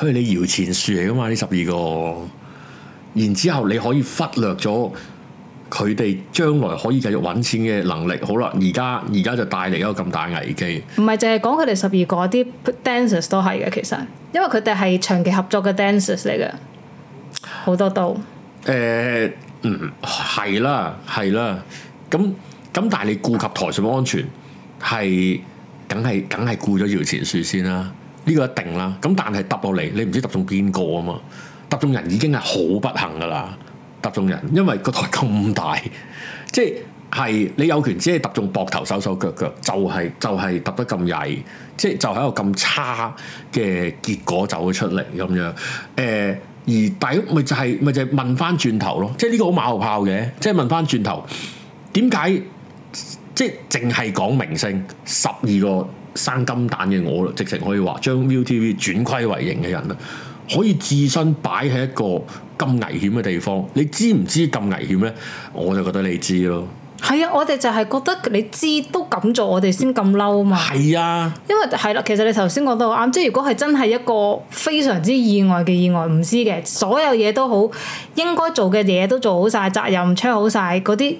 佢係你搖錢樹嚟噶嘛？呢十二個，然之後你可以忽略咗佢哋將來可以繼續揾錢嘅能力。好啦，而家而家就帶嚟一個咁大危機。唔係淨係講佢哋十二個啲 dancers 都係嘅，其實因為佢哋係長期合作嘅 dancers 嚟嘅，好多都。誒、呃，嗯，係啦，係啦，咁咁，但係你顧及台上嘅安全，係梗係梗係顧咗搖錢樹先啦。呢個一定啦，咁但係揼落嚟，你唔知揼中邊個啊嘛？揼中人已經係好不幸噶啦，揼中人，因為個台咁大，即係係你有權只係揼中膊頭、手手腳腳，就係、是、就係、是、揼得咁曳，即係就喺個咁差嘅結果就會出嚟咁樣。誒、呃，而底咪就係、是、咪就係、是、問翻轉頭咯，即係呢個好馬後炮嘅，即係問翻轉頭，點解即係淨係講明星十二個？生金蛋嘅我，直情可以話將 ViuTV 轉虧為盈嘅人啦，可以自身擺喺一個咁危險嘅地方，你知唔知咁危險呢？我就覺得你知咯。係啊，我哋就係覺得你知都噉做，我哋先咁嬲嘛。係啊，因為係啦、啊，其實你頭先講得好啱，即係如果係真係一個非常之意外嘅意外，唔知嘅，所有嘢，都好應該做嘅嘢，都做好晒，責任 check 好晒，嗰啲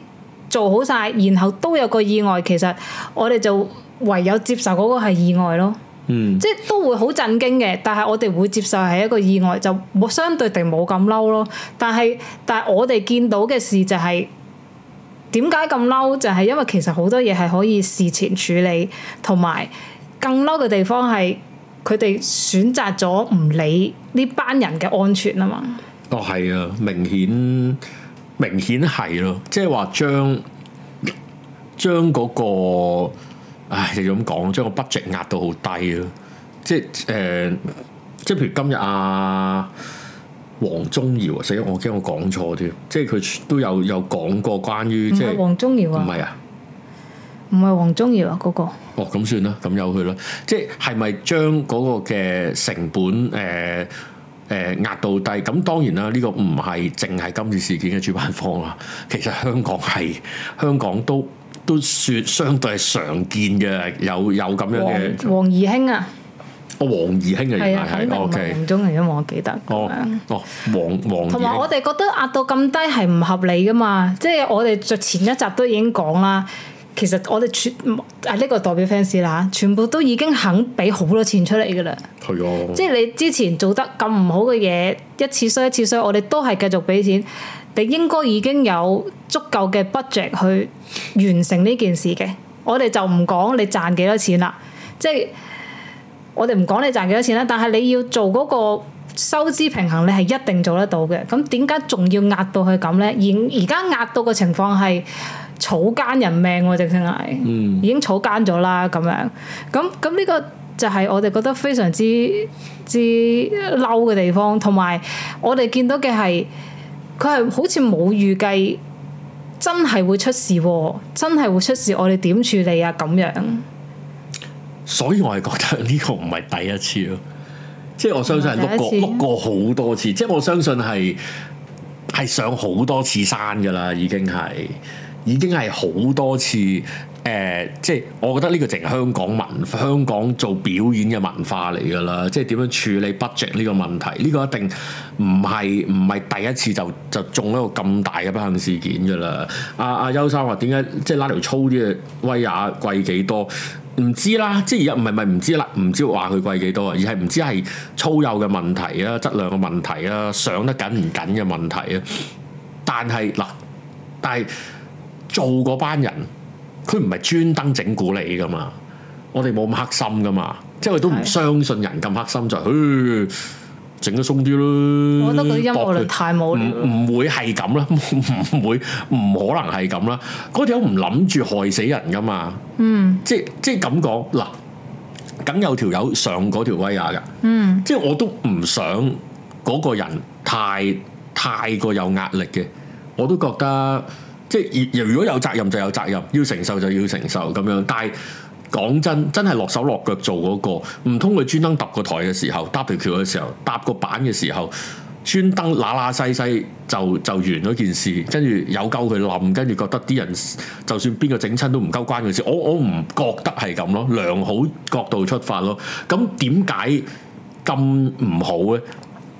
做好晒，然後都有個意外，其實我哋就。唯有接受嗰個係意外咯，嗯、即係都會好震驚嘅。但係我哋會接受係一個意外，就冇相對地冇咁嬲咯。但係但係我哋見到嘅事就係點解咁嬲？就係因為其實好多嘢係可以事前處理，同埋更嬲嘅地方係佢哋選擇咗唔理呢班人嘅安全啊嘛。哦，係啊，明顯明顯係咯，即係話將將嗰個。唉，又咁講，將個 budget 壓到好低啊。即係誒、呃，即係譬如今日阿黃宗耀啊，所以我驚我講錯添，即係佢都有有講過關於即係黃宗耀啊，唔係啊，唔係黃宗耀啊嗰個，哦咁算啦，咁由佢啦，即係係咪將嗰個嘅成本誒誒、呃呃、壓到低？咁當然啦，呢個唔係淨係今次事件嘅主辦方啊。其實香港係香港都。都說相對係常見嘅，有有咁樣嘅。黃黃怡興啊，個、哦、黃怡興啊，係啊，係啊，因為我記得咁樣、哦。哦，黃黃。同埋我哋覺得壓到咁低係唔合理噶嘛，即係我哋就前一集都已經講啦。其實我哋全啊呢個代表 fans 啦，全部都已經肯俾好多錢出嚟噶啦。係即係你之前做得咁唔好嘅嘢，一次衰一次衰，我哋都係繼續俾錢。你應該已經有足夠嘅 budget 去完成呢件事嘅，我哋就唔講你賺幾多錢啦。即係我哋唔講你賺幾多錢啦，但係你要做嗰個收支平衡，你係一定做得到嘅。咁點解仲要壓到佢咁呢？而而家壓到嘅情況係草菅人命喎，直情係，已經草菅咗啦咁樣。咁咁呢個就係我哋覺得非常之之嬲嘅地方，同埋我哋見到嘅係。佢係好似冇預計，真係會出事，真係會出事，我哋點處理啊？咁樣，所以我係覺得呢個唔係第一次咯，即係我相信係碌過碌過好多次，即係我相信係係上好多次山㗎喇，已經係已經係好多次。誒、呃，即係我覺得呢個淨係香港文、香港做表演嘅文化嚟㗎啦。即係點樣處理 budget 呢個問題？呢、呢個一定唔係唔係第一次就就中一個咁大嘅不幸事件㗎啦。阿、啊、阿、啊、邱生話點解即係拉條粗啲嘅威亞貴幾多？唔知啦，即係而家唔係唔係唔知啦，唔知話佢貴幾多啊？而係唔知係粗幼嘅問題啊，質量嘅問題啊，上得緊唔緊嘅問題啊。但係嗱，但係做嗰班人，佢唔係專登整蠱你噶嘛，我哋冇咁黑心噶嘛，即係佢都唔相信人咁黑心是的 就是，噓，整得鬆啲咯。我覺得嗰音樂律太冇咯，唔唔會係咁啦，唔會唔可能係咁啦，嗰條友唔諗住害死人噶嘛，嗯即，即係、嗯、即係咁講嗱，梗有條友上嗰條威亞噶，嗯，即係我都唔想嗰個人太太過有壓力嘅，我都覺得。即係如果有責任就有責任，要承受就要承受咁樣。但係講真，真係落手落腳做嗰個，唔通佢專登揼個台嘅時候，搭條橋嘅時候，搭個板嘅時候，專登嗱嗱西西就就完咗件事，跟住有鳩佢冧，跟住覺得啲人就算邊個整親都唔鳩關佢事。我我唔覺得係咁咯，良好角度出發咯。咁點解咁唔好呢？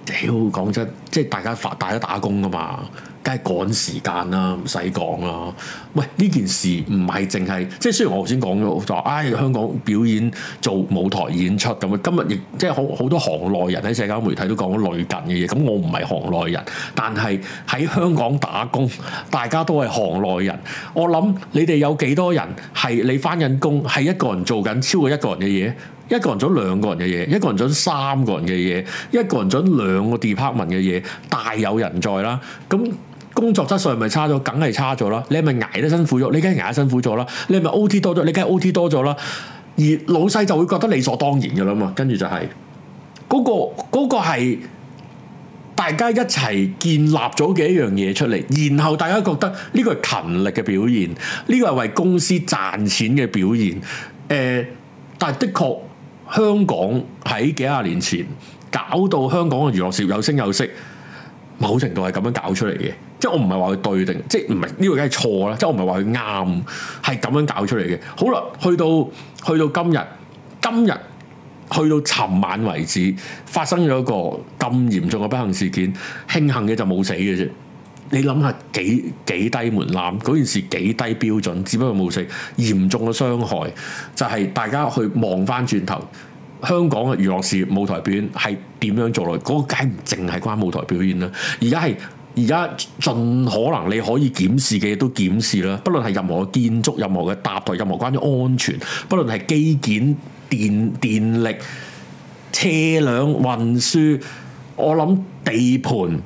屌，講真，即係大家發，大家打工噶嘛。梗係趕時間啦，唔使講啦。喂，呢件事唔係淨係，即係雖然我頭先講咗就話，唉、哎，香港表演做舞台演出咁。今日亦即係好好多行內人喺社交媒體都講咗類近嘅嘢。咁我唔係行內人，但係喺香港打工，大家都係行內人。我諗你哋有幾多人係你返緊工，係一個人做緊超過一個人嘅嘢，一個人做兩個人嘅嘢，一個人做三個人嘅嘢，一個人做兩個 department 嘅嘢，大有人在啦。咁工作質素係咪差咗，梗係差咗啦！你係咪捱得辛苦咗？你梗係捱得辛苦咗啦！你係咪 OT 多咗？你梗係 OT 多咗啦！而老細就會覺得理所當然嘅啦嘛，跟住就係、係、嗰、嗰個嗰係、嗰個、大家一齊建立咗嘅一樣嘢出嚟，然後大家覺得呢個係勤力嘅表現，呢、呢個係為公司賺錢嘅表現。誒、呃，但係的確香港喺幾廿年前搞到香港嘅娛樂業有聲有色。某程度係咁樣搞出嚟嘅，即係我唔係話佢對定，即係唔係呢個梗係錯啦。即係我唔係話佢啱，係咁樣搞出嚟嘅。好啦，去到去到今日，今日去到尋晚為止，發生咗一個咁嚴重嘅不幸事件。慶幸嘅就冇死嘅啫。你諗下幾幾低門檻，嗰件事幾低標準，只不過冇死，嚴重嘅傷害就係大家去望翻轉頭，香港嘅娛樂事業舞台表演係點樣做落？嗰個梗唔淨係關舞台表演啦，而家係而家盡可能你可以檢視嘅嘢都檢視啦。不論係任何建築、任何嘅搭台、任何關於安全，不論係基建、電電力、車輛運輸，我諗地盤，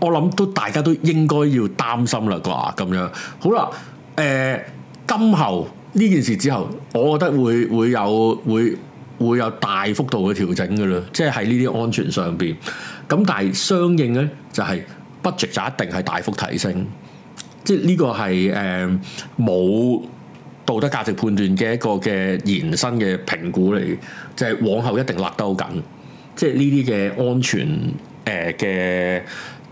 我諗都大家都應該要擔心啦啩。咁樣好啦，誒、呃，今後呢件事之後，我覺得會會有會會有大幅度嘅調整㗎啦，即係喺呢啲安全上邊，咁但係相應咧就係、是、budget 就一定係大幅提升，即係呢個係誒冇道德價值判斷嘅一個嘅延伸嘅評估嚟，就係、是、往後一定勒得好緊，即係呢啲嘅安全誒嘅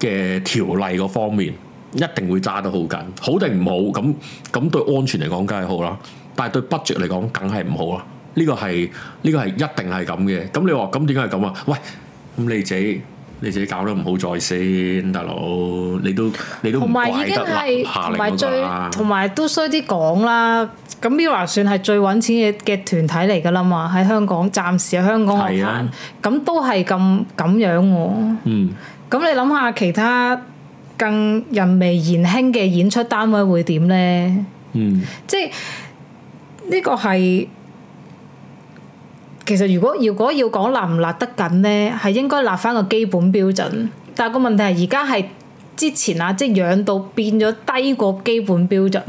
嘅條例嗰方面，一定會揸得好緊，好定唔好咁咁對安全嚟講梗係好啦，但係對 budget 嚟講梗係唔好啦。呢個係呢個係一定係咁嘅，咁你話咁點解係咁啊？喂，咁你自己你自己搞得唔好再先，大佬，你都你都同埋已經係同埋最同埋都衰啲講啦。咁 Mirror 算係最揾錢嘅嘅團體嚟噶啦嘛，喺香港，暫時喺香港係啊。咁都係咁咁樣喎、啊。嗯。咁你諗下其他更人微言輕嘅演出單位會點咧？嗯。即係呢個係。其實如果如果要講立唔立得緊呢，係應該立翻個基本標準。但係個問題係而家係之前啊，即係養到變咗低過基本標準。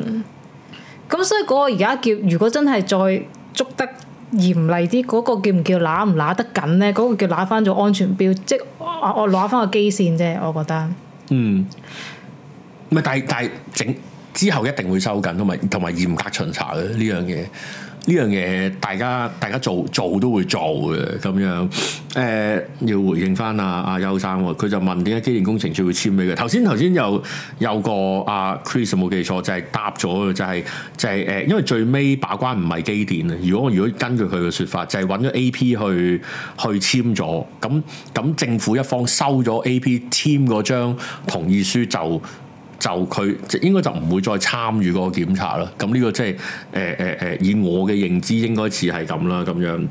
咁所以嗰個而家叫如果真係再捉得嚴厲啲，嗰個叫唔叫立唔立得緊呢？嗰個叫立翻咗安全標，即我我立翻個基線啫。我覺得嗯，咪但係但係整之後一定會收緊，同埋同埋嚴格巡查嘅呢樣嘢。呢樣嘢大家大家做做都會做嘅咁樣，誒、呃、要回應翻啊啊邱生，佢就問點解機電工程署會簽尾嘅？頭先頭先又有個阿、啊、Chris 冇記錯就係答咗，就係、是、就係、是、誒、就是呃，因為最尾把關唔係機電啊。如果如果根據佢嘅説法，就係揾咗 AP 去去簽咗，咁咁政府一方收咗 AP 簽嗰張同意書就。就佢即係應該就唔會再參與嗰個檢查咯。咁呢個即係誒誒誒，以我嘅認知應該似係咁啦，咁樣。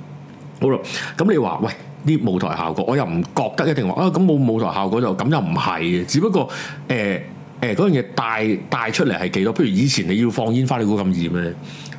好啦，咁你話喂啲舞台效果，我又唔覺得一定話啊。咁冇舞台效果就咁又唔係嘅，只不過誒誒嗰樣嘢帶帶出嚟係幾多？譬如以前你要放煙花，你估咁易咩？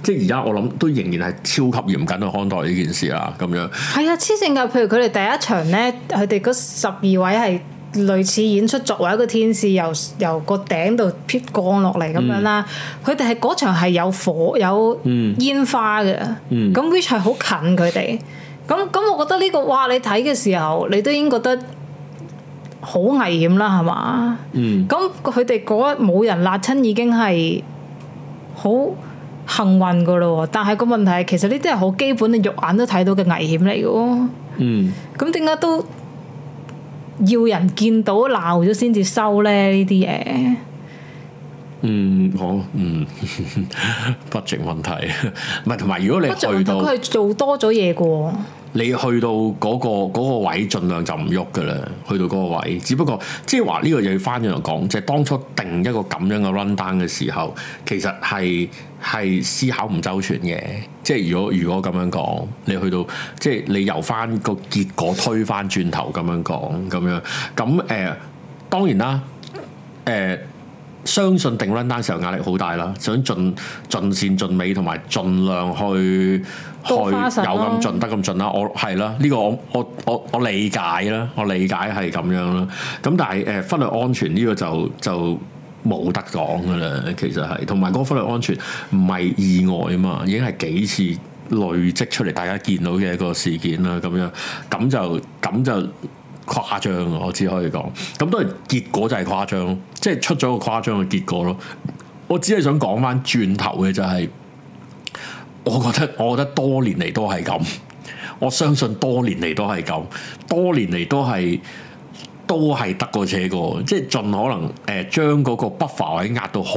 即係而家我諗都仍然係超級嚴謹去看待呢件事啦。咁樣。係啊，黐線噶！譬如佢哋第一場咧，佢哋嗰十二位係。類似演出作為一個天使由由個頂度撇降落嚟咁樣啦，佢哋係嗰場係有火有煙花嘅，咁、嗯、那 which 係好近佢哋，咁咁我覺得呢、呢個哇你睇嘅時候你都已經覺得好危險啦係嘛？咁佢哋嗰一冇人辣親已經係好幸運噶咯，但係個問題係其實呢啲係好基本嘅肉眼都睇到嘅危險嚟嘅喎。嗯，咁點解都？要人見到鬧咗先至收咧呢啲嘢。嗯，好，嗯 budget 問題，唔係同埋如果你去到佢係做多咗嘢嘅。你去到嗰、那個那個位，盡量就唔喐㗎喇。去到嗰個位，只不過即係話呢個嘢，要翻轉嚟講，即係當初定一個咁樣嘅 run down 嘅時候，其實係係思考唔周全嘅。即係如果如果咁樣講，你去到即係你由翻個結果推翻轉頭咁樣講，咁樣咁誒、呃，當然啦，誒、呃。相信定 run down 時候壓力好大啦，想盡盡善盡美同埋儘量去、啊、去有咁盡得咁盡啦，我係啦，呢、呢個我我我我理解啦，我理解係咁樣啦。咁但係誒，忽、呃、略安全呢個就就冇得講噶啦，其實係，同埋嗰個忽略安全唔係意外啊嘛，已經係幾次累積出嚟大家見到嘅一個事件啦，咁樣咁就咁就。誇張啊！我只可以講咁當然結果就係誇張咯，即係出咗個誇張嘅結果咯。我只係想講翻轉頭嘅就係、是，我覺得我覺得多年嚟都係咁，我相信多年嚟都係咁，多年嚟都係都係得過且、這個，即係盡可能誒、呃、將嗰個 buffer、er、位壓到好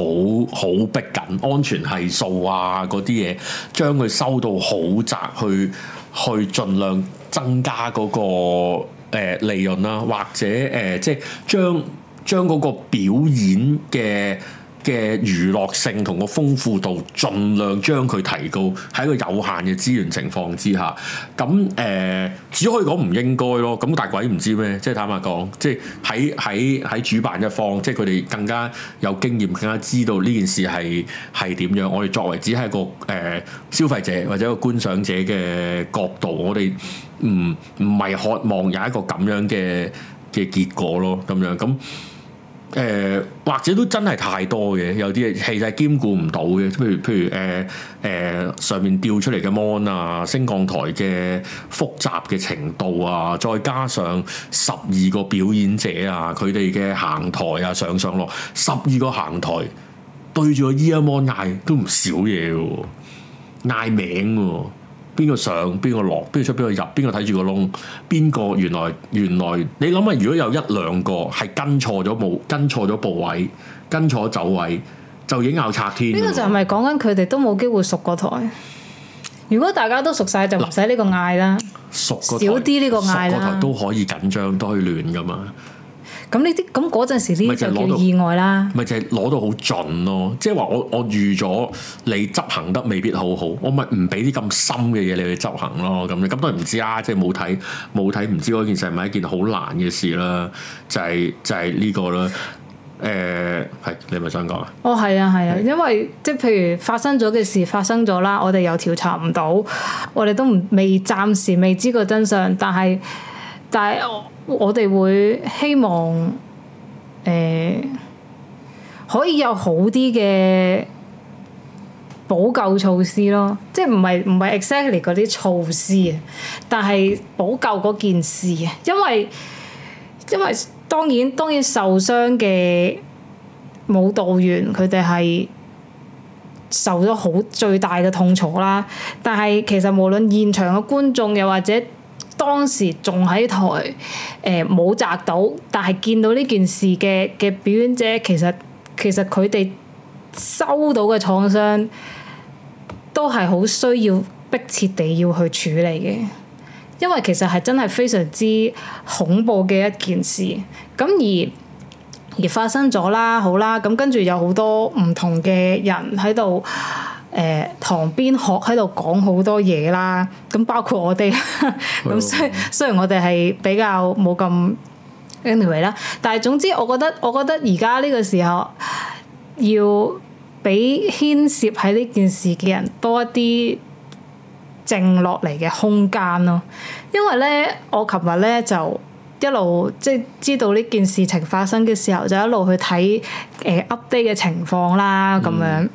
好逼緊安全係數啊嗰啲嘢，將佢收到好窄，去去盡量增加嗰、那個。誒、呃，利潤啊，或者誒、呃，即係將將嗰個表演嘅。嘅娛樂性同個豐富度，盡量將佢提高喺個有限嘅資源情況之下，咁誒、呃、只可以講唔應該咯。咁大鬼唔知咩，即係坦白講，即係喺喺喺主辦一方，即係佢哋更加有經驗，更加知道呢件事係係點樣。我哋作為只係一個誒、呃、消費者或者一個觀賞者嘅角度，我哋唔唔係渴望有一個咁樣嘅嘅結果咯，咁樣咁。誒、呃、或者都真係太多嘅，有啲嘢其實係兼顧唔到嘅。譬如譬如誒誒、呃呃、上面掉出嚟嘅 mon 啊，升降台嘅複雜嘅程度啊，再加上十二個表演者啊，佢哋嘅行台啊上上落，十二個行台對住個 earmon 嗌都唔少嘢嘅喎，嗌名喎、啊。邊個上，邊個落，邊個出，邊個入，邊個睇住個窿，邊個原來原來，原來你諗下，如果有一兩個係跟錯咗步，跟錯咗部位，跟錯走位就已經拗拆天。呢個就係咪講緊佢哋都冇機會熟個台？如果大家都熟晒就唔使，呢個嗌啦，熟少啲呢個嗌個台都可以緊張，都可以亂噶嘛。咁呢啲咁嗰陣時呢啲就叫意外啦。咪就係攞到好盡咯，即係話我我預咗你執行得未必好好，我咪唔俾啲咁深嘅嘢你去執行咯。咁你咁都唔知啊，即係冇睇冇睇，唔知嗰件事係咪一件好難嘅事啦？就係就係呢個啦。誒係你咪想講啊？哦係啊係啊，因為即係譬如發生咗嘅事發生咗啦，我哋又調查唔到，我哋都未暫時未知個真相，但係但係我。我哋會希望誒、呃、可以有好啲嘅補救措施咯，即係唔係唔係 exactly 嗰啲措施啊？但係補救嗰件事啊，因為因為當然當然受傷嘅舞蹈員佢哋係受咗好最大嘅痛楚啦。但係其實無論現場嘅觀眾又或者，當時仲喺台，呃、冇砸到，但係見到呢件事嘅嘅表演者，其實其實佢哋收到嘅創傷，都係好需要迫切地要去處理嘅，因為其實係真係非常之恐怖嘅一件事，咁而而發生咗啦，好啦，咁跟住有好多唔同嘅人喺度。誒旁、呃、邊學喺度講好多嘢啦，咁包括我哋，咁雖、 嗯、雖然我哋係比較冇咁 anyway 啦，但係總之我覺得我覺得而家呢個時候要俾牽涉喺呢件事嘅人多一啲靜落嚟嘅空間咯，因為咧我琴日咧就一路即係知道呢件事情發生嘅時候，就一路去睇誒 update 嘅情況啦，咁樣。嗯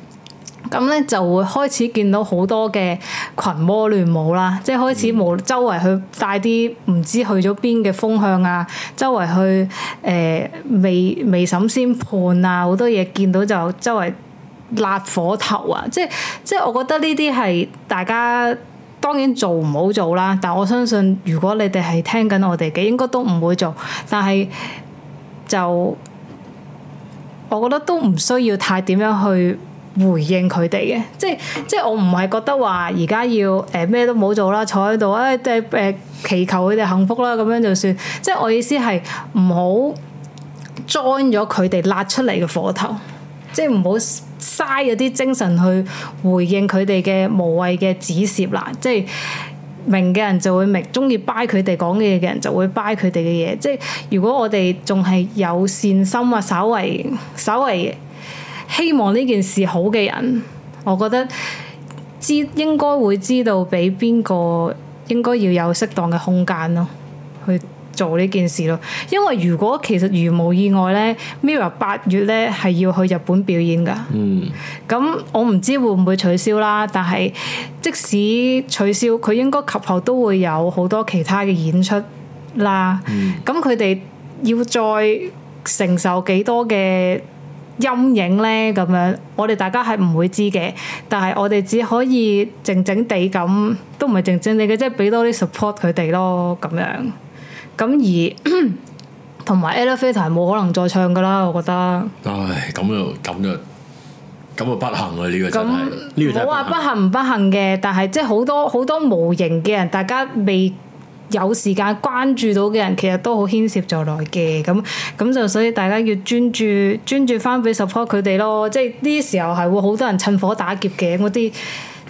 咁咧就會開始見到好多嘅群魔亂舞啦，即係開始冇周圍去帶啲唔知去咗邊嘅風向啊，周圍去誒、呃、未未審先判啊，好多嘢見到就周圍焫火頭啊，即係即係我覺得呢啲係大家當然做唔好做啦，但我相信如果你哋係聽緊我哋嘅，應該都唔會做，但係就我覺得都唔需要太點樣去。回應佢哋嘅，即係即係我唔係覺得話而家要誒咩、呃、都冇做啦，坐喺度，誒即係誒祈求佢哋幸福啦，咁樣就算。即係我意思係唔好 join 咗佢哋焫出嚟嘅火頭，即係唔好嘥咗啲精神去回應佢哋嘅無謂嘅指涉啦。即係明嘅人就會明，中意 buy 佢哋講嘅嘢嘅人就會 buy 佢哋嘅嘢。即係如果我哋仲係有善心啊，稍微稍微。希望呢件事好嘅人，我覺得知應該會知道俾邊個應該要有適當嘅空間咯，去做呢件事咯。因為如果其實如無意外咧，Mirror 八月咧係要去日本表演噶，嗯，咁我唔知會唔會取消啦。但係即使取消，佢應該及後都會有好多其他嘅演出啦。嗯，咁佢哋要再承受幾多嘅？陰影咧咁樣，我哋大家係唔會知嘅，但係我哋只可以靜靜地咁，都唔係靜靜地嘅，即係俾多啲 support 佢哋咯咁樣。咁而同埋 Elevator 係冇可能再唱噶啦，我覺得。唉，咁就咁就咁就不幸啊！呢個真係，冇話不幸唔不幸嘅，但係即係好多好多無形嘅人，大家未。有時間關注到嘅人，其實都好牽涉在內嘅，咁咁就所以大家要專注專注翻俾 support 佢哋咯。即係呢啲時候係會好多人趁火打劫嘅，嗰啲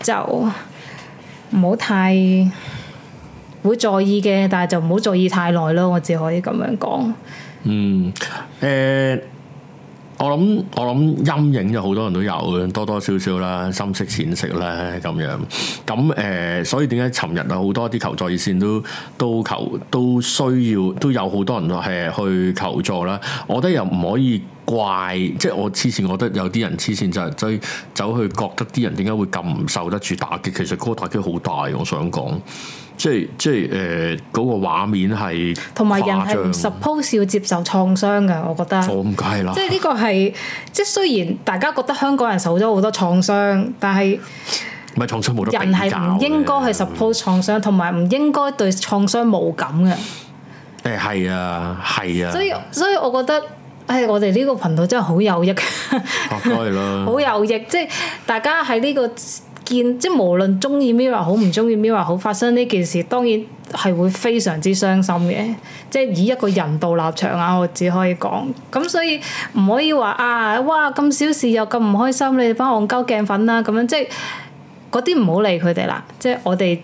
就唔好太會在意嘅，但係就唔好在意太耐咯。我只可以咁樣講。嗯，誒、呃。我諗我諗陰影就好多人都有，多多少少啦，深色淺色啦咁樣。咁誒、呃，所以點解尋日啊好多啲求助熱線都都求都需要，都有好多人係去求助啦。我覺得又唔可以怪，即、就、係、是、我黐線，我覺得有啲人黐線就係、是、追走去覺得啲人點解會咁唔受得住打擊，其實嗰個打擊好大，我想講。即係即係誒，嗰、呃那個畫面係，同埋人係唔 suppose 要接受創傷嘅，我覺得。咁係啦。即係呢個係，即係雖然大家覺得香港人受咗好多創傷，但係唔係創傷冇得人係唔應該去 suppose 創傷，同埋唔應該對創傷冇感嘅。誒、oh，係啊，係啊。所以，所以我覺得誒、哎，我哋呢個頻道真係好有益。學 咯。好有益，即係大家喺呢、這個。見即，無論中意 Mirror 好，唔中意 Mirror 好，發生呢件事，當然係會非常之傷心嘅。即係以一個人道立場啊，我只可以講咁，所以唔可以話啊哇，咁小事又咁唔開心，你哋班戇鳩鏡粉啦咁樣，即係嗰啲唔好理佢哋啦。即係我哋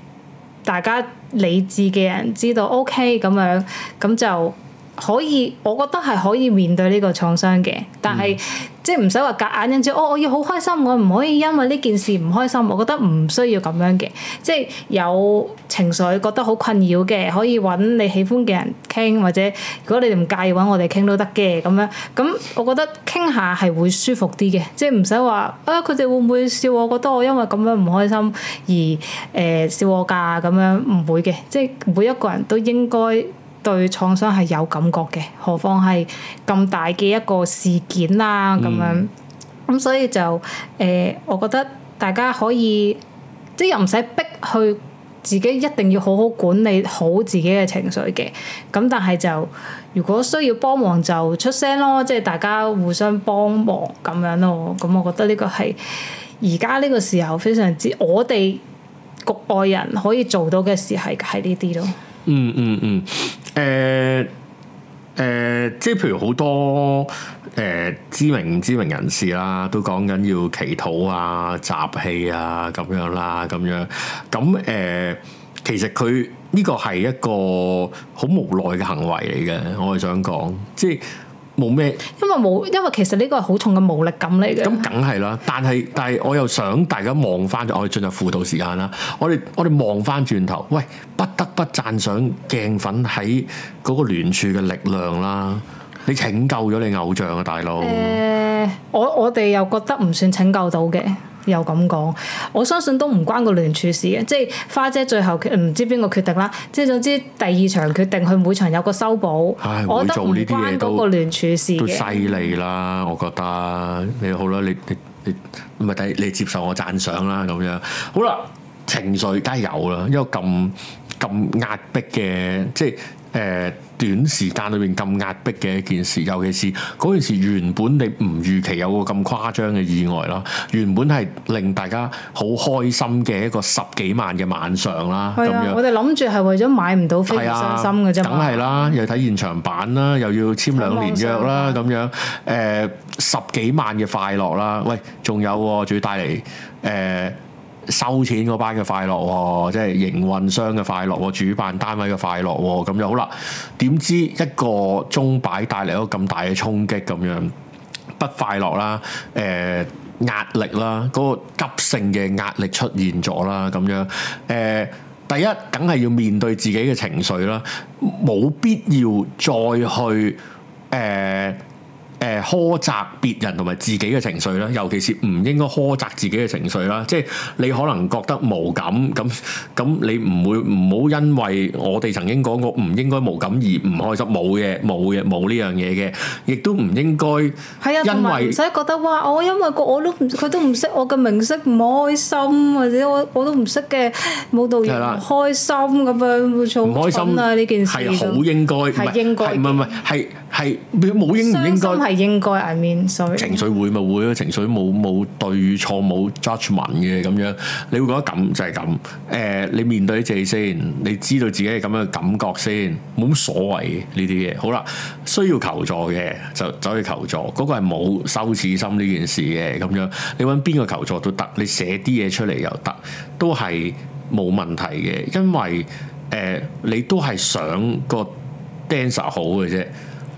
大家理智嘅人知道 OK 咁樣，咁就。可以，我覺得係可以面對呢個創傷嘅，但係、嗯、即係唔使話夾硬，忍住。我我要好開心，我唔可以因為呢件事唔開心。我覺得唔需要咁樣嘅，即係有情緒覺得好困擾嘅，可以揾你喜歡嘅人傾，或者如果你哋唔介意揾我哋傾都得嘅咁樣。咁我覺得傾下係會舒服啲嘅，即係唔使話啊！佢哋會唔會笑我？覺得我因為咁樣唔開心而誒、呃、笑我㗎咁樣？唔會嘅，即係每一個人都應該。對創傷係有感覺嘅，何況係咁大嘅一個事件啦、啊，咁樣咁、嗯嗯、所以就誒、呃，我覺得大家可以即係又唔使逼佢自己一定要好好管理好自己嘅情緒嘅，咁但係就如果需要幫忙就出聲咯，即係大家互相幫忙咁樣咯，咁、嗯、我覺得呢個係而家呢個時候非常之我哋局外人可以做到嘅事係係呢啲咯。嗯嗯嗯，誒、呃、誒、呃，即係譬如好多誒、呃、知名知名人士啦，都講緊要祈禱啊、集氣啊咁樣啦、啊，咁樣咁誒、呃，其實佢呢、這個係一個好無奈嘅行為嚟嘅，我係想講，即係。冇咩，因為冇，因為其實呢個係好重嘅無力感嚟嘅。咁梗係啦，但係但係我又想大家望翻，我哋進入輔導時間啦。我哋我哋望翻轉頭，喂，不得不讚賞鏡粉喺嗰個聯署嘅力量啦。你拯救咗你偶像啊，大佬！誒、欸，我我哋又覺得唔算拯救到嘅。又咁講，我相信都唔關個聯處事嘅，即係花姐最後唔知邊個決定啦。即係總之第二場決定，佢每場有個修補，唉我做呢啲關嗰個聯處事嘅。都犀利啦，我覺得你好啦，你你你唔係睇你接受我讚賞啦咁樣。好啦，情緒梗係有啦，因為咁咁壓迫嘅，即係。誒、呃、短時間裏面咁壓迫嘅一件事，尤其是嗰件事原本你唔預期有個咁誇張嘅意外啦，原本係令大家好開心嘅一個十幾萬嘅晚上啦，咁的樣。我哋諗住係為咗買唔到的飛咁傷心嘅啫。梗係啦，又睇現場版啦，又要簽兩年約啦，咁、嗯、樣誒、呃、十幾萬嘅快樂啦。喂，仲有仲、啊、要帶嚟誒。呃收錢嗰班嘅快樂喎，即係營運商嘅快樂喎，主辦單位嘅快樂喎，咁就好啦。點知一個鐘擺帶嚟咗咁大嘅衝擊，咁樣不快樂啦，誒、呃、壓力啦，嗰、嗰個急性嘅壓力出現咗啦，咁樣誒、呃、第一，梗係要面對自己嘅情緒啦，冇必要再去誒。呃誒苛責別人同埋自己嘅情緒啦，尤其是唔應該苛責自己嘅情緒啦。即係你可能覺得無感，咁咁你唔會唔好因為我哋曾經講過唔應該無感而唔開心。冇嘅，冇嘅，冇呢樣嘢嘅，亦都唔應該。係啊，因為唔使覺得哇！我因為個我都唔佢都唔識我嘅明星唔開心，或者我我都唔識嘅舞蹈員唔開心咁樣做唔開心啊！呢件事係好應該係應該，唔係唔係係係冇應唔應該。係應該，I mean，sorry。情緒會咪會咯，情緒冇冇對錯冇 judgement 嘅咁樣，你會覺得咁就係、是、咁。誒、呃，你面對自己先，你知道自己係咁樣嘅感覺先，冇乜所謂呢啲嘢。好啦，需要求助嘅就走去求助，嗰、那個係冇羞恥心呢件事嘅咁樣。你揾邊個求助都得，你寫啲嘢出嚟又得，都係冇問題嘅，因為誒、呃、你都係想個 dancer 好嘅啫。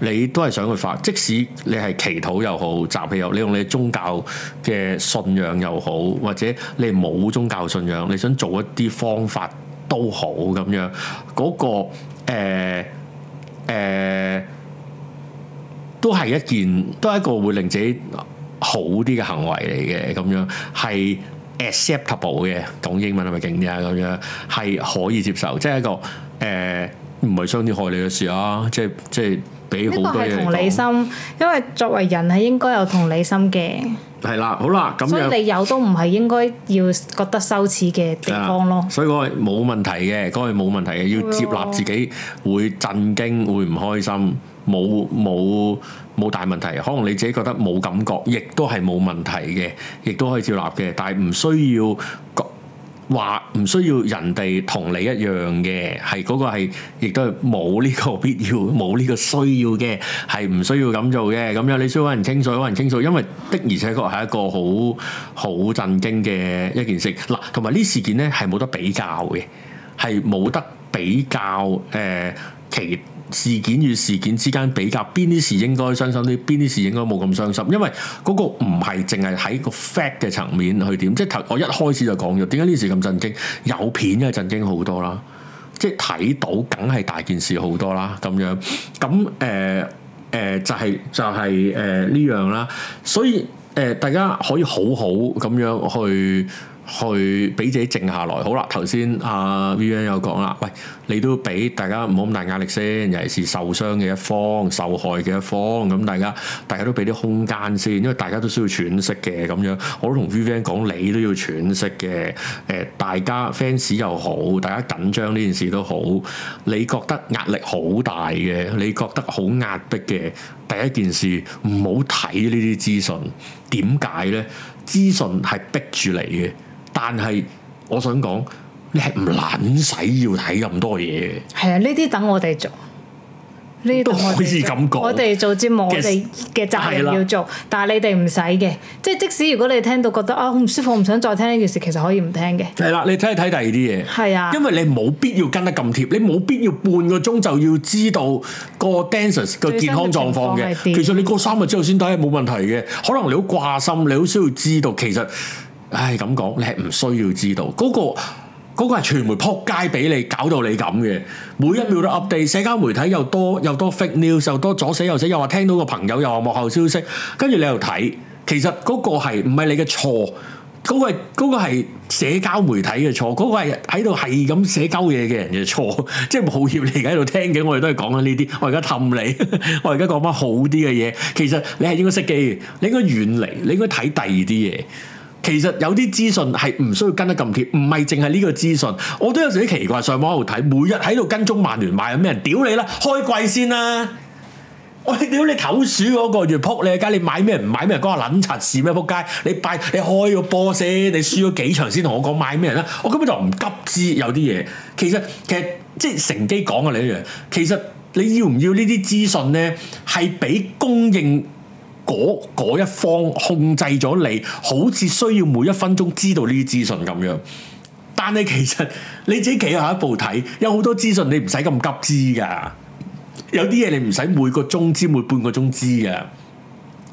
你都係想去發，即使你係祈禱又好，集氣又好，你用你宗教嘅信仰又好，或者你冇宗教信仰，你想做一啲方法都好咁樣，嗰、嗰個誒、呃呃、都係一件都係一個會令自己好啲嘅行為嚟嘅咁樣，係 acceptable 嘅。講英文係咪勁啲啊？咁樣係可以接受，即係一個誒唔係傷天害理嘅事啊！即係即係。呢個係同理心，因為作為人係應該有同理心嘅。係啦、嗯，好啦，咁。所以你有都唔係應該要覺得羞恥嘅地方咯。所以嗰個冇問題嘅，嗰個冇問題嘅，了要接納自己會震驚、會唔開心、冇冇冇大問題。可能你自己覺得冇感覺，亦都係冇問題嘅，亦都可以接納嘅。但係唔需要話唔需要人哋同你一樣嘅。係嗰、嗰個係亦都係冇呢個必要、冇呢個需要嘅，係唔需要咁做嘅。咁樣你需要揾人清楚，揾人清楚，因為的而且確係一個好好震驚嘅一件事。嗱、啊，同埋呢事件咧係冇得比較嘅，係冇得比較誒、呃、其。事件與事件之間比較，邊啲事應該傷心啲？邊啲事應該冇咁傷心？因為嗰個唔係淨係喺個 fact 嘅層面去點，即係頭我一開始就講咗，點解呢件事咁震驚？有片係，震驚好多啦，即係睇到梗係大件事好多啦，咁樣咁誒誒就係、是、就係誒呢樣啦，所以誒、呃、大家可以好好咁樣去。去俾自己靜下來，好啦。頭先阿 VVN 有講啦，喂，你都俾大家唔好咁大壓力先，尤其是受傷嘅一方、受害嘅一方，咁大家大家都俾啲空間先，因為大家都需要喘息嘅咁樣。我都同 VVN 講，你都要喘息嘅。誒、呃，大家 fans 又好，大家緊張呢件事都好，你覺得壓力好大嘅，你覺得好壓迫嘅，第一件事唔好睇呢啲資訊。點解呢？資訊係逼住你嘅。但係，我想講，你係唔撚使要睇咁多嘢嘅。係啊，呢啲等我哋做，呢都可以咁講。我哋做節目，我哋嘅責任要做，了但係你哋唔使嘅。即係即使如果你聽到覺得啊好唔舒服，唔想再聽呢件事，其實可以唔聽嘅。係啦，你睇睇第二啲嘢。係啊的，因為你冇必要跟得咁貼，你冇必要半個鐘就要知道個 dancers 嘅健康狀況嘅。其實你過三日之後先睇，係冇問題嘅。可能你好掛心，你好需要知道，其實。唉，咁講，你係唔需要知道嗰個，嗰個係傳媒撲街俾你，搞到你咁嘅。每一秒都 update，社交媒體又多又多 fake news，又多左寫右寫，又話聽到個朋友，又話幕後消息，跟住你又睇。其實嗰個係唔係你嘅錯？嗰個係，嗰個係社交媒體嘅錯。嗰個係喺度係咁寫鳩嘢嘅人嘅錯，即係冒險你而家喺度聽緊嘅。我哋都係講緊呢啲。我而家氹你， 我而家講翻好啲嘅嘢。其實你係應該識機嘅，你應該遠離，你應該睇第二啲嘢。其實有啲資訊係唔需要跟得咁貼，唔係淨係呢個資訊，我都有時啲奇怪，上網度睇，每日喺度跟蹤曼聯買有咩人？屌你啦，開季先啦！我屌你投鼠嗰個月，月撲你，梗係你買咩唔買咩人？講下撚柒事咩？仆街！你拜你開個波先，你輸咗幾場先同我講買咩人啦？我根本就唔急知有啲嘢。其實其實即係乘機講嘅你一樣。其實你要唔要呢啲資訊呢？係俾供應。嗰一方控制咗你，好似需要每一分鐘知道呢啲資訊咁樣。但係其實你自己企下一步睇，有好多資訊你唔使咁急知㗎，有啲嘢你唔使每個鐘知，每半個鐘知㗎。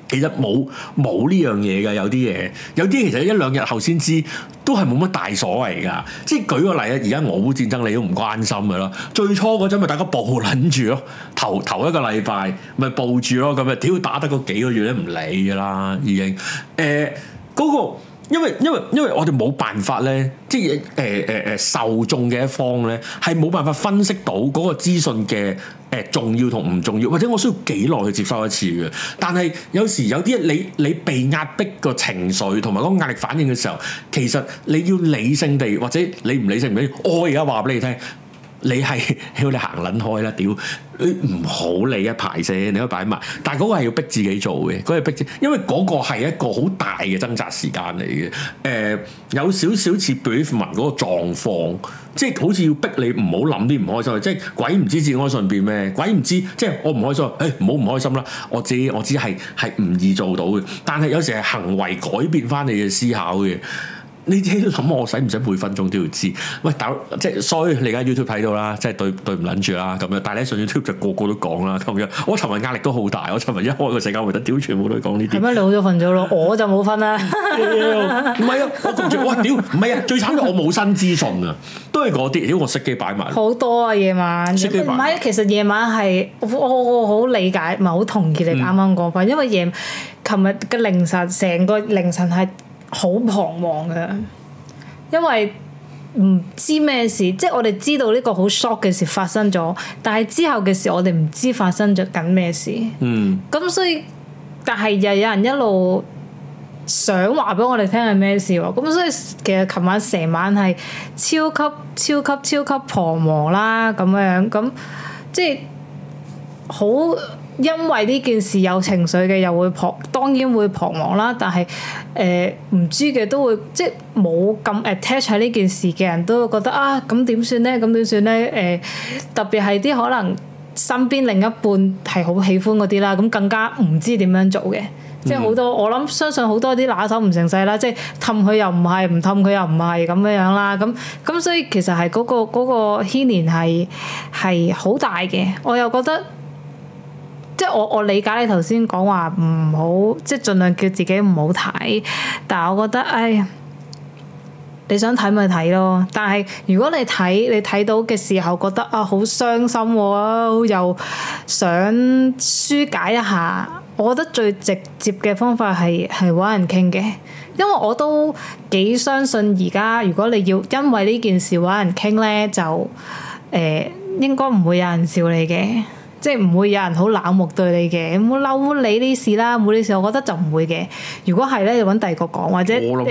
其實冇冇呢樣嘢㗎，有啲嘢，有啲其實一兩日後先知，都係冇乜大所謂㗎。即係舉個例啊，而家俄烏戰爭你都唔關心㗎啦。最初嗰陣咪大家報撚住咯，頭頭一個禮拜咪報住咯，咁啊屌打得嗰幾個月都唔理㗎啦，已經。誒、欸，嗰個。因為因為因為我哋冇辦法咧，即係誒誒誒受眾嘅一方咧，係冇辦法分析到嗰個資訊嘅誒、呃、重要同唔重要，或者我需要幾耐去接收一次嘅。但係有時有啲你你被壓迫個情緒同埋嗰個壓力反應嘅時候，其實你要理性地或者你唔理性唔理，我而家話俾你聽。你係要你行撚開啦，屌你唔好理一排先，你可以擺埋。但係嗰個係要逼自己做嘅，嗰、嗰個逼自己，自因為嗰個係一個好大嘅掙扎時間嚟嘅。誒、呃，有少少似 Brief 文嗰個狀況，即係好似要逼你唔好諗啲唔開心嘅，即係鬼唔知自己順便咩，鬼唔知即係我唔開心，誒唔好唔開心啦。我知我知係係唔易做到嘅，但係有時係行為改變翻你嘅思考嘅。你自己諗我使唔使每分鐘都要知？喂，但即衰你而家 YouTube 睇到啦，即，即對對唔撚住啦咁樣。但係你上 YouTube 就個個都講啦咁樣。我尋日壓力都好大，我尋日一開個社交媒體，屌全部都講呢啲。點解你攞咗瞓咗咯， 我就冇瞓啦。唔 係 啊，我焗住我屌，唔係啊，最慘係我冇新資訊啊，都係嗰啲。屌我熄機擺埋。好多啊夜晚，唔係，其實夜晚係我好理解，唔咪好同意你啱啱講翻，嗯、因為夜琴日嘅凌晨，成個凌晨係。好彷徨嘅，因為唔知咩事，即係我哋知道呢個好 shock 嘅事發生咗，但係之後嘅事我哋唔知發生咗緊咩事。嗯，咁所以，但係又有人一路想話俾我哋聽係咩事，咁所以其實琴晚成晚係超級超級超級彷徨啦，咁樣咁即係好。因為呢件事有情緒嘅，又會彷當然會彷徨啦。但係誒唔知嘅都會即係冇咁 attach 喺呢件事嘅人都會覺得啊，咁點算呢？咁點算呢？誒特別係啲可能身邊另一半係好喜歡嗰啲啦，咁更加唔知點樣做嘅、嗯。即係好多我諗相信好多啲拿手唔成世啦，即係氹佢又唔係，唔氹佢又唔係咁樣樣啦。咁、啊、咁、啊啊、所以其實係嗰、嗰個嗰、嗰個牽、嗰個、連係係好大嘅。我又覺得。即係我我理解你頭先講話唔好，即係盡量叫自己唔好睇。但係我覺得，哎呀，你想睇咪睇咯。但係如果你睇你睇到嘅時候覺得啊好傷心，哦，又想紓解一下，我覺得最直接嘅方法係係搵人傾嘅。因為我都幾相信而家，如果你要因為呢件事搵人傾呢，就誒、呃、應該唔會有人笑你嘅。即係唔會有人好冷漠對你嘅，冇嬲你呢事啦，冇呢事我覺得就唔會嘅。如果係咧，就揾第二個講，或者今日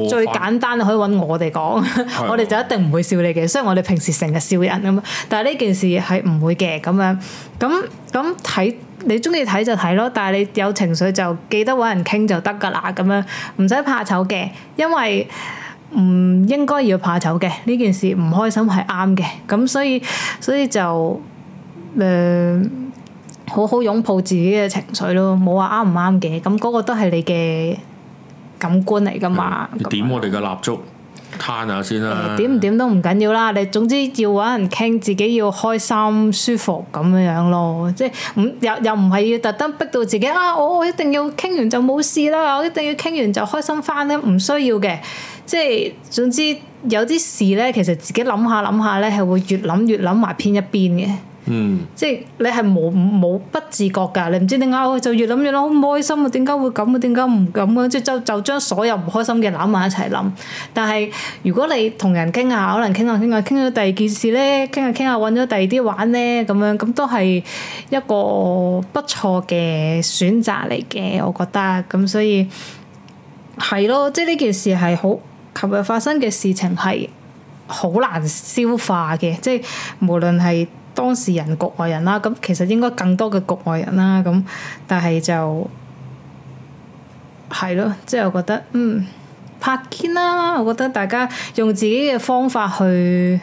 你最簡單可以揾我哋講，的 我哋就一定唔會笑你嘅。雖然我哋平時成日笑人咁，但係呢件事係唔會嘅，咁樣。咁咁，睇你中意睇就睇咯，但係你有情緒就記得揾人傾就得㗎啦。咁樣唔使怕醜嘅，因為唔應該要怕醜嘅。呢件事唔開心係啱嘅，咁所以所以就。誒，uh, 好好擁抱自己嘅情緒咯，冇話啱唔啱嘅，咁、那、嗰個都係你嘅感官嚟噶嘛？嗯、樣點我哋嘅蠟燭，歎下先啦。Uh, 點唔點都唔緊要啦，你總之要搵人傾，自己要開心舒服咁樣樣咯。即係唔又又唔係要特登逼到自己啊！我我一定要傾完就冇事啦，我一定要傾完，完就開心翻呢，唔需要嘅。即係總之有啲事呢，其實自己諗下諗下呢，係會越諗越諗埋偏一邊嘅。嗯即，即係你係冇冇不自覺噶，你唔知點解，我就越諗越諗，好唔開心啊！點解會咁啊？點解唔咁啊？即係就就將所有唔開心嘅攬埋一齊諗。但係如果你同人傾下，可能傾下傾下，傾到第二件事咧，傾下傾下，搵咗第二啲玩咧，咁樣咁都係一個不錯嘅選擇嚟嘅，我覺得。咁所以係咯，即係呢件事係好琴日發生嘅事情，係好難消化嘅。即係無論係。當事人、局外人啦，咁其實應該更多嘅局外人啦，咁但係就係咯，即係我覺得，嗯，拍肩啦，我覺得大家用自己嘅方法去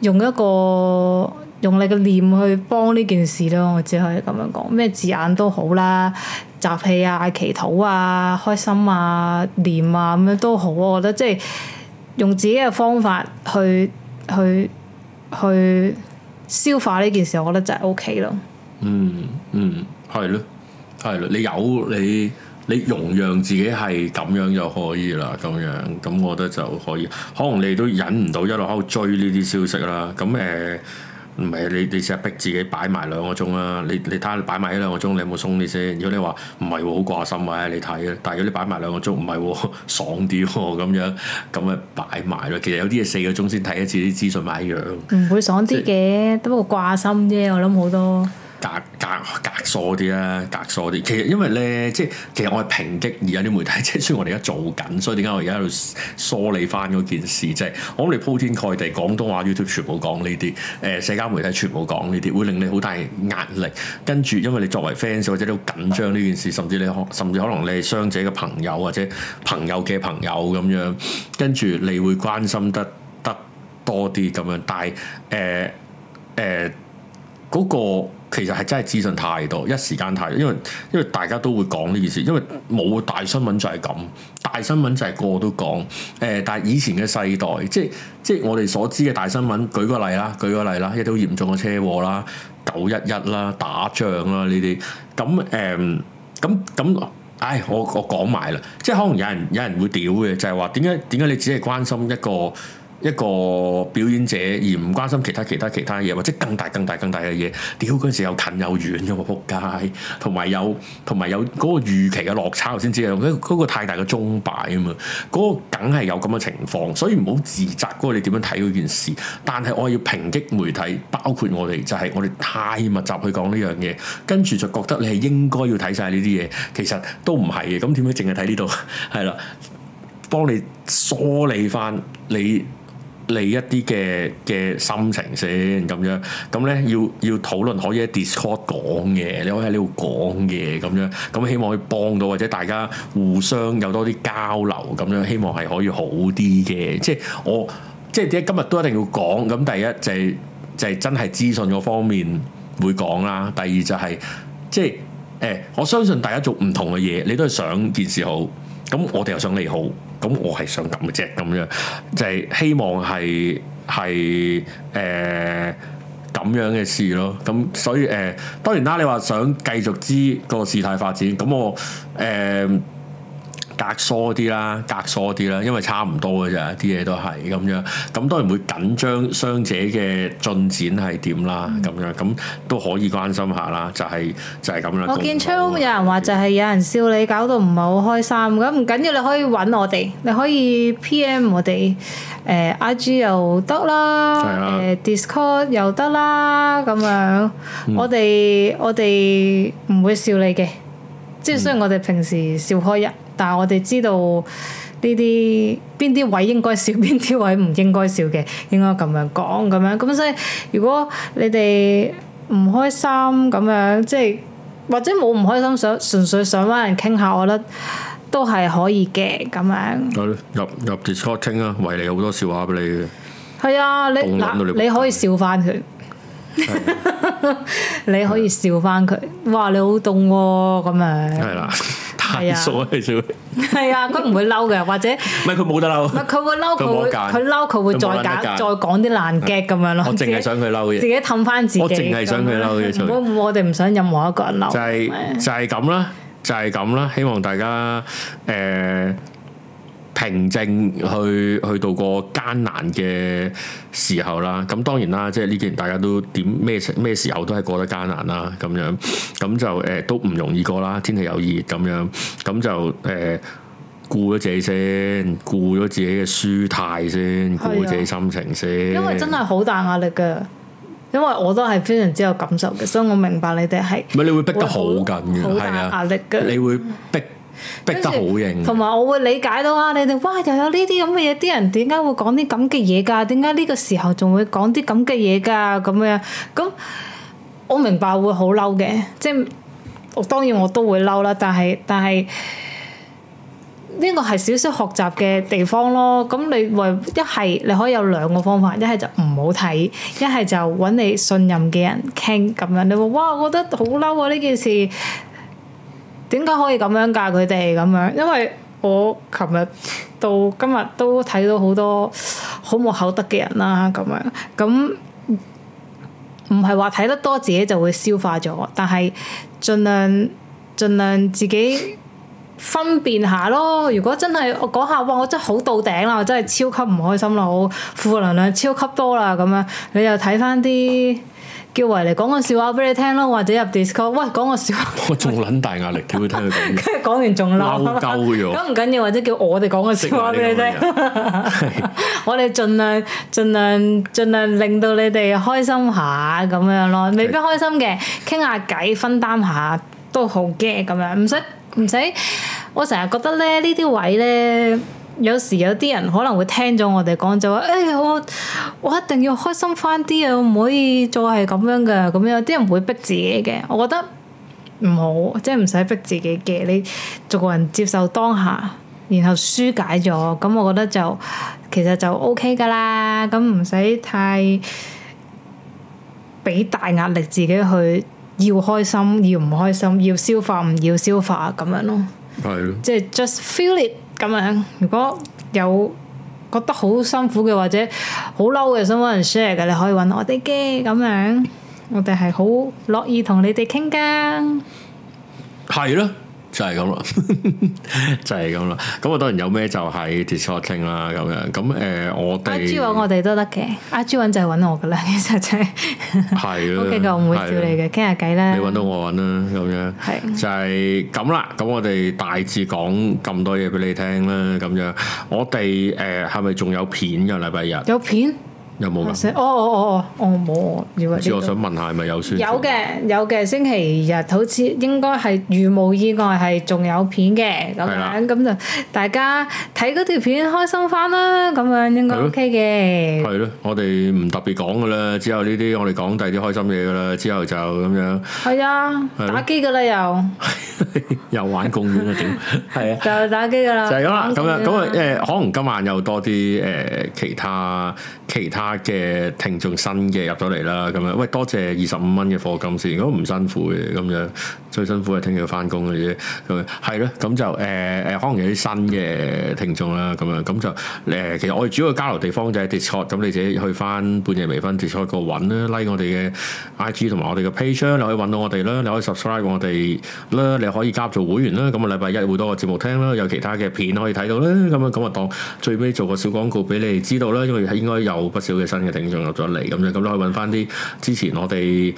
用一個用你嘅念去幫呢件事咯，我只可以咁樣講，咩字眼都好啦，集氣啊、祈禱啊、開心啊、念啊咁樣都好，我覺得即係用自己嘅方法去去。去消化呢件事，我覺得就 OK 咯。嗯嗯，係咯，係咯，你有你你容讓自己係咁樣就可以啦。咁樣咁，咁樣我覺得就可以。可能你都忍唔到一路喺度追呢啲消息啦。咁誒。呃唔係啊！你你成日逼自己擺埋兩個鐘啦。你你睇下你擺埋呢兩個鐘，你有冇鬆啲先？如果你話唔係喎，好、啊、掛心啊！你睇啊！但係如果你擺埋兩個鐘，唔係喎，爽啲喎咁樣，咁咪擺埋咯。其實有啲嘢四個鐘先睇一次啲資訊咪一樣，唔會爽啲嘅，即不過掛心啫。我諗好多。隔隔隔疏啲啦，隔疏啲。其實因為咧，即係其實我係抨擊而家啲媒體，即係雖然我哋而家做緊，所以點解我而家喺度梳理翻嗰件事？即係我哋鋪天蓋地廣東話 YouTube 全部講呢啲，誒社交媒體全部講呢啲，會令你好大壓力。跟住因為你作為 fans 或者都好緊張呢件事，甚至你甚至可能你係傷者嘅朋友或者朋友嘅朋友咁樣，跟住你會關心得得多啲咁樣，但係誒誒嗰個。其實係真係資訊太多，一時間太多，因為因為大家都會講呢件事，因為冇大新聞就係咁，大新聞就係個個都講。誒、呃，但係以前嘅世代，即係即係我哋所知嘅大新聞，舉個例啦，舉個例啦，一啲好嚴重嘅車禍啦、九一一啦、打仗啦呢啲。咁誒，咁、嗯、咁，唉、嗯嗯嗯哎，我我講埋啦，即係可能有人有人會屌嘅，就係話點解點解你只係關心一個？一個表演者而唔關心其他其他其他嘢，或者更大更大更大嘅嘢，屌嗰陣時又近又遠咁啊！仆街，同埋有同埋有嗰個預期嘅落差，我先知道，嗰、那個太大嘅鐘擺啊嘛，嗰、嗰個梗係有咁嘅情況，所以唔好自責嗰個你點樣睇嗰件事。但係我要抨擊媒體，包括我哋，就係、係、我哋太密集去講呢樣嘢，跟住就覺得你係應該要睇晒呢啲嘢，其實都唔係嘅。咁點解淨係睇呢度？係啦，幫你梳理返你。你你一啲嘅嘅心情先咁樣，咁咧要要討論可以喺 Discord 講嘅，你可以喺呢度講嘅咁樣，咁希望可以幫到或者大家互相有多啲交流咁樣，希望係可以好啲嘅。即係我即係點解今日都一定要講？咁第一就係就係真係資訊嗰方面會講啦。第二就係即係誒，我相信大家做唔同嘅嘢，你都係想件事好，咁我哋又想你好。咁我係想咁嘅啫，咁樣，就係、是、希望係係誒咁樣嘅事咯。咁所以誒、呃，當然啦，你話想繼續知個事態發展，咁我誒。呃隔疏啲啦，隔疏啲啦，因為差唔多嘅啫，啲嘢都係咁樣。咁當然會緊張，傷者嘅進展係點啦？咁樣咁都可以關心下啦。就係、是、就係咁啦。我見窗有人話就係有人笑你，搞到唔係好開心咁，唔緊要，你可以揾我哋，你可以 P. M. 我哋，誒、呃、I. G 又得啦，誒是、啊呃、Discord 又得啦，咁樣、嗯、我哋我哋唔會笑你嘅，即係雖然我哋平時笑開人。嗯但係我哋知道呢啲邊啲位應該笑，邊啲位唔應該笑嘅，應該咁樣講咁樣。咁所以如果你哋唔開心咁樣，即係或者冇唔開心想純粹想揾人傾下，我覺得都係可以嘅咁樣。入入 Discord 傾啊，維尼好多笑話俾你嘅。係啊，你你，喏你可以笑翻佢，啊、 你可以笑翻佢。哇，你好凍喎咁樣。係啦、啊。係啊，少係啊，佢唔會嬲嘅，或者唔係佢冇得嬲，唔係佢會嬲佢，佢嬲佢會再講再講啲爛 gag 咁樣咯。我淨係想佢嬲嘅，自己氹翻自己。我淨係想佢嬲嘅，就我我哋唔想任何一個人嬲。就係就係咁啦，就係咁啦，希望大家誒。平靜去去度過艱難嘅時候啦，咁當然啦，即係呢幾年大家都點咩時咩時候都係過得艱難啦，咁樣咁就誒、欸、都唔容易過啦，天氣又熱咁樣，咁就誒顧咗自己先，顧咗自己嘅舒泰先，顧咗自己心情先，因為真係好大壓力㗎，因為我都係非常之有感受嘅，所以我明白你哋係唔係你會逼得好緊嘅，係啊，壓力㗎，你會逼。逼得好型，同埋我會理解到啊！你哋哇又有呢啲咁嘅嘢，啲人點解會講啲咁嘅嘢噶？點解呢個時候仲會講啲咁嘅嘢噶？咁樣咁，我明白會好嬲嘅，即係當然我都會嬲啦。但係但係呢個係少少學習嘅地方咯。咁你話一係你可以有兩個方法，一係就唔好睇，一係就搵你信任嘅人傾咁樣。你話哇，我覺得好嬲啊！呢件事。點解可以咁樣噶？佢哋咁樣，因為我琴日到今日都睇到好多好冇口德嘅人啦。咁樣，咁唔係話睇得多自己就會消化咗，但係盡量盡量自己分辨下咯。如果真係我講下，哇！我真係好到頂啦，我真係超級唔開心啦，我負能量超級多啦。咁樣，你又睇翻啲。叫埋嚟講個笑話俾你聽咯，或者入 Discord，喂，講個笑話。我仲撚大壓力，點 會聽佢講？跟住講完仲嬲。嬲鳩嘅唔緊要？ 或者叫我哋講個笑話俾你聽。 我哋盡量盡量盡量令到你哋開心下咁樣咯，未必開心嘅，傾下偈分擔下都好嘅咁樣，唔使唔使。我成日覺得咧呢啲位咧。有時有啲人可能會聽咗我哋講就話，誒、哎、我我一定要開心返啲啊！唔可以再係咁樣嘅。咁有啲人唔會逼自己嘅，我覺得唔好，即係唔使逼自己嘅。你做個人接受當下，然後疏解咗，咁我覺得就其實就 O K 噶啦。咁唔使太俾大壓力自己去要開心，要唔開心，要消化唔要消化咁樣咯。係咯了，即係 just feel it。咁樣，如果有覺得好辛苦嘅或者好嬲嘅，想揾人 share 嘅，你可以揾我哋嘅。咁樣，我哋係好樂意同你哋傾噶。係囉。就係咁啦， 就係咁啦。咁我當然有咩就喺 Discord 傾啦，咁樣。咁誒、呃，我哋阿朱搵我哋都得嘅，阿朱搵就搵我噶啦，其實就係係啦。的 我唔會笑你嘅，傾下偈啦。你搵到我搵啦，咁樣係的就係咁啦。咁我哋大致講咁多嘢俾你聽啦，咁樣。我哋誒係咪仲有片嘅？禮拜日有片？有冇啊？哦哦哦哦，我冇。要或者，之後想問下係咪有先？有嘅，有嘅。星期日好似應該係如無意外係仲有片嘅咁樣，咁就大家睇嗰條片開心翻啦。咁樣應該 OK 嘅。係咯，我哋唔特別講噶啦。之後呢啲我哋講第啲開心嘢噶啦。之後就咁樣。係啊，打機噶啦又。又玩公園啊？點係啊？就打機噶啦，就係咁啦。咁啊咁啊誒，可能今晚有多啲誒其他其他。嘅聽眾新嘅入咗嚟啦，咁樣喂，多謝二十五蚊嘅貨金先，如果唔辛苦嘅，咁樣最辛苦係聽日要翻工嘅啫，咁係咯，咁就誒誒，可能有啲新嘅聽眾啦，咁樣咁就誒，其實我哋主要嘅交流地方就係 d i s c o，咁你自己去翻半夜微分 Discord 揾啦，拉我哋嘅 IG 同埋我哋嘅 page，你可以揾到我哋啦，你可以 subscribe 我哋啦、啊，你可以加入做會員啦，咁啊禮拜一會多個節目聽啦，有其他嘅片可以睇到啦，咁樣咁啊，當最尾做個小廣告俾你哋知道啦，因為應該有不少。嘅新嘅聽眾入咗嚟咁樣，咁都可以揾翻啲之前我哋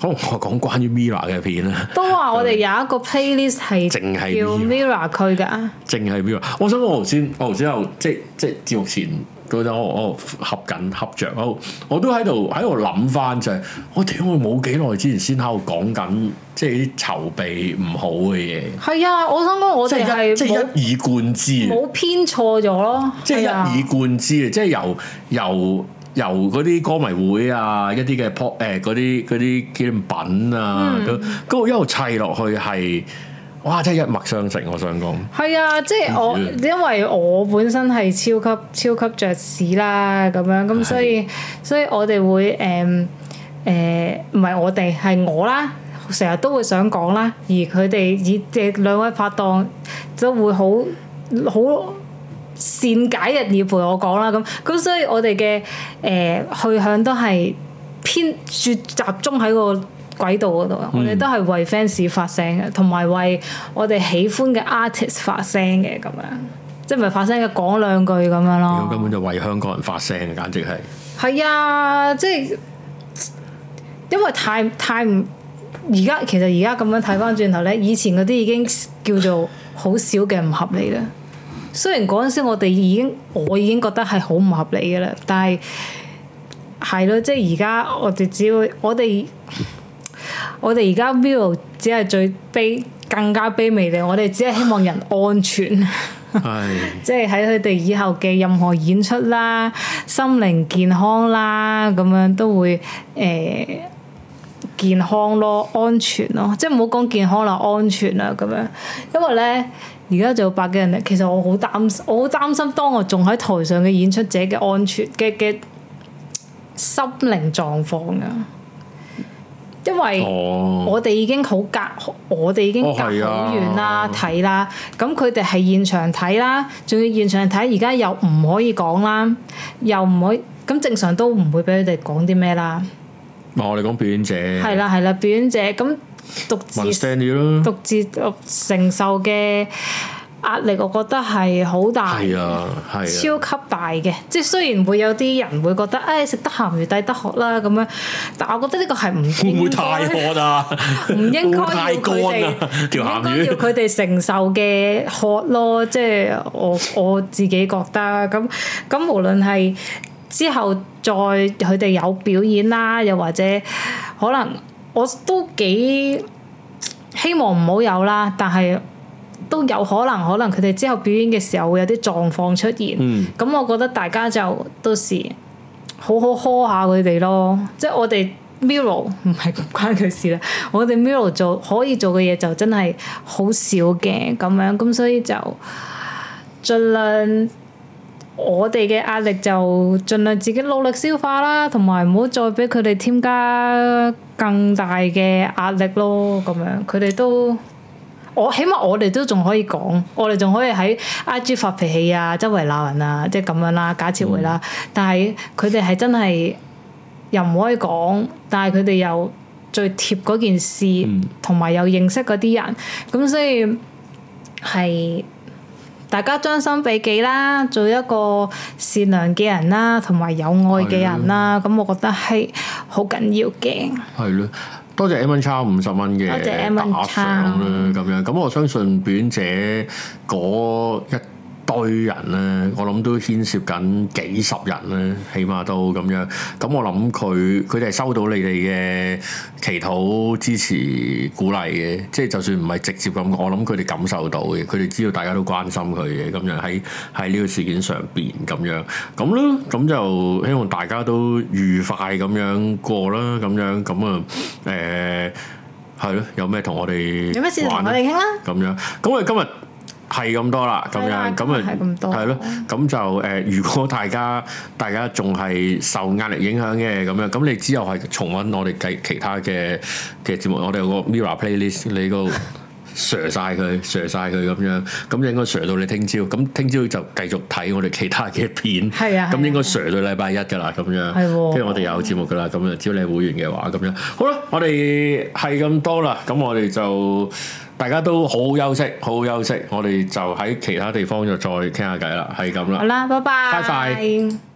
可能我講關於 Mirror 嘅片咧，都話我哋有一個 playlist 係淨係叫 Mirror 區嘅，淨係 Mirror。我想講我頭先，我頭先又即即節目前嗰陣，我我合緊合着，我我都喺度喺度諗翻就係、是，我屌我冇幾耐之前先喺度講緊，即啲籌備唔好嘅嘢。係啊，我想講我即係即一以貫之，冇編錯咗咯，即、啊、一以貫之啊！即、就是、由由，由由嗰啲歌迷會啊，一啲嘅 pop 嗰啲嗰啲紀念品啊，嗯、都，都一路砌落去係，哇！真係一脈相承，我想講。係啊，即係、嗯、我，因為我本身係超級超級爵士啦，咁樣咁所,是的 所以，所以我哋會誒誒，唔、嗯、係、呃、我哋係我啦，成日都會想講啦，而佢哋以呢兩位拍檔就會好好。善解人意陪我講啦，咁咁所以我哋嘅誒去向都係偏絕集中喺個軌道嗰度，嗯、我哋都係為 fans 發聲嘅，同埋為我哋喜歡嘅 artist 發聲嘅咁樣，即係咪發聲嘅講兩句咁樣咯？根本就為香港人發聲嘅，簡直係係啊！即係因為太太唔而家其實而家咁樣睇翻轉頭咧，以前嗰啲已經叫做好少嘅唔合理啦。雖然嗰陣時我哋已經，我已經覺得係好唔合理嘅啦，但係係咯，即係而家我哋只要，我哋 我哋而家 Viu 只係最卑，更加卑微嘅，我哋只係希望人安全， 即係喺佢哋以後嘅任何演出啦、心靈健康啦，咁樣都會誒健康咯、安全咯，即係唔好講健康啦、安全啦咁樣，因為咧。而家就有百幾人啦，其實我好擔心，我好擔心當我仲喺台上嘅演出者嘅安全嘅嘅心靈狀況㗎，因為我哋已經好隔，哦、我哋已經隔好遠啦睇啦，咁佢哋係現場睇啦，仲要現場睇，而家又唔可以講啦，又唔可以，咁正常都唔會俾佢哋講啲咩啦。我哋講表演者，係啦係啦，表演者咁。獨自獨自承受嘅壓力，我覺得係好大，係啊，係、啊、超級大嘅。即係雖然會有啲人會覺得，誒、哎、食得鹹魚抵得渴啦咁樣，但我覺得呢個係唔會，會太過啦、啊，唔應該 會會太過啦、啊。條 鹹魚要佢哋承受嘅渴咯，即係我我自己覺得咁咁，無論係之後再佢哋有表演啦，又或者可能。我都幾希望唔好有啦，但係都有可能，可能佢哋之後表演嘅時候會有啲狀況出現。咁、嗯嗯、我覺得大家就到時好好呵下佢哋咯，即係我哋 Mirror 唔係關佢事啦。我哋 Mirror 做可以做嘅嘢就真係好少嘅咁樣，咁、嗯、所以就盡量。我哋嘅壓力就盡量自己努力消化啦，同埋唔好再俾佢哋添加更大嘅壓力咯。咁樣佢哋都，我起碼我哋都仲可以講，我哋仲可以喺 IG 發脾氣啊，周圍鬧人啊，即係咁樣啦、啊，假設會啦。嗯、但係佢哋係真係又唔可以講，但係佢哋又最貼嗰件事，同埋又認識嗰啲人，咁所以係。大家將心比己啦，做一個善良嘅人啦，同埋有愛嘅人啦，咁的我覺得係好緊要嘅。係咯，多謝 m 多謝 m a 五十蚊嘅打賞啦，咁樣咁我相信編者嗰一。堆人咧，我諗都牽涉緊幾十人咧，起碼都咁樣。咁我諗佢佢哋收到你哋嘅祈禱、支持、鼓勵嘅，即係就算唔係直接咁，我諗佢哋感受到嘅，佢哋知道大家都關心佢嘅，咁樣喺喺呢個事件上邊咁樣咁咯。咁就希望大家都愉快咁樣過啦，咁樣咁啊，誒係咯，有咩同我哋有咩事同我哋傾啦，咁樣咁我哋今日。係咁多啦，咁樣咁啊，係咯、嗯，咁就誒、呃，如果大家大家仲係受壓力影響嘅咁樣，咁你之後係重溫我哋計其，其他嘅嘅節目，我哋有個 Mirror Playlist，你嗰、這、度、個、share 晒佢 share 晒佢咁樣，咁應該 share 到你聽朝，咁聽朝就繼續睇我哋其他嘅片，係啊，咁應該 share 到禮拜一噶啦，咁樣，跟住、啊、我哋有節目噶啦，咁啊，只要你係會員嘅話，咁樣，好啦，我哋係咁多啦，咁我哋就，就，就，就。大家都好好休息，好好休息，我哋就喺其他地方再就再傾下偈啦，係咁啦。好啦，拜拜。拜拜。